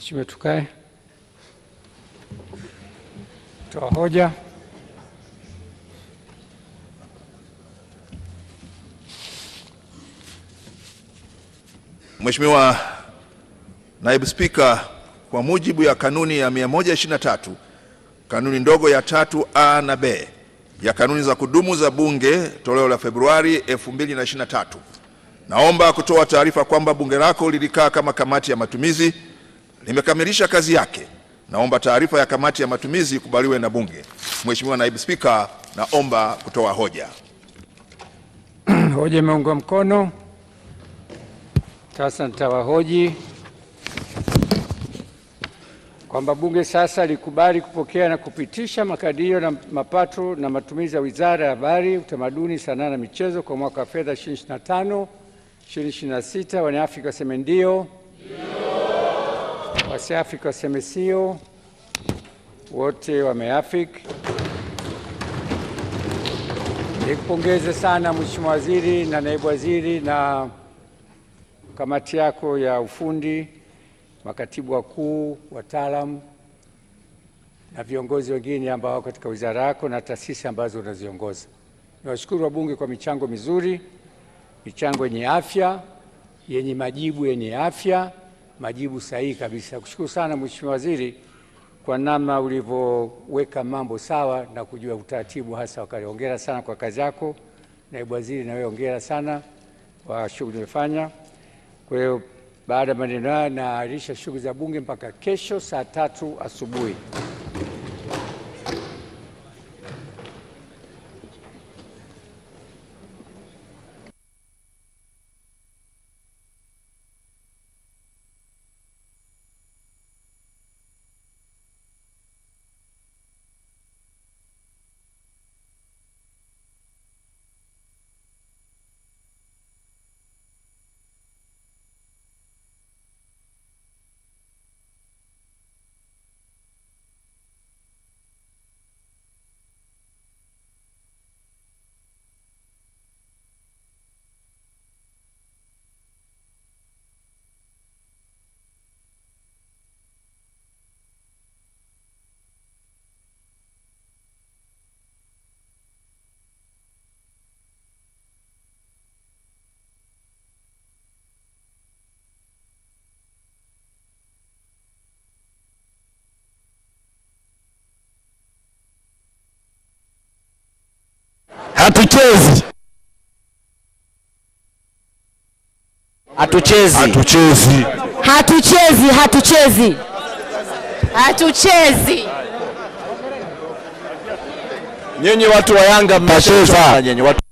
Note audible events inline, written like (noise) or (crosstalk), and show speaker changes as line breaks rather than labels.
Mheshimiwa, tukae toa hoja.
Mheshimiwa Naibu Spika, kwa mujibu ya kanuni ya 123 kanuni ndogo ya tatu a na b ya kanuni za kudumu za Bunge toleo la Februari 2023, naomba kutoa taarifa kwamba bunge lako lilikaa kama kamati ya matumizi limekamilisha kazi yake. Naomba taarifa ya kamati ya matumizi ikubaliwe na Bunge. Mheshimiwa Naibu Spika, naomba kutoa hoja.
(clears throat) Hoja imeungwa mkono. Sasa nitawahoji kwamba Bunge sasa likubali kupokea na kupitisha makadirio na mapato na matumizi ya Wizara ya Habari, Utamaduni, Sanaa na Michezo kwa mwaka wa fedha 2025 2026. Wanaafrika waseme ndio wasiafiki waseme sio, wote wameafiki. Nikupongeze sana Mheshimiwa Waziri na Naibu Waziri na kamati yako ya ufundi, makatibu wakuu, wataalamu na viongozi wengine ambao wako katika wizara yako na taasisi ambazo unaziongoza. Niwashukuru wabunge kwa michango mizuri, michango yenye afya, yenye majibu yenye afya majibu sahihi kabisa. Kushukuru sana Mheshimiwa Waziri kwa namna ulivyoweka mambo sawa na kujua utaratibu hasa wakati. Hongera sana kwa kazi yako naibu waziri, na wewe hongera sana kwa shughuli umefanya. Kwa hiyo baada ya maneno haya, naahirisha shughuli za bunge mpaka kesho saa tatu asubuhi.
hatuchezi hatuchezi
hatuchezi
hatuchezi hatuchezi hatuchezi nyinyi watu wa Yanga mmecheza nyinyi watu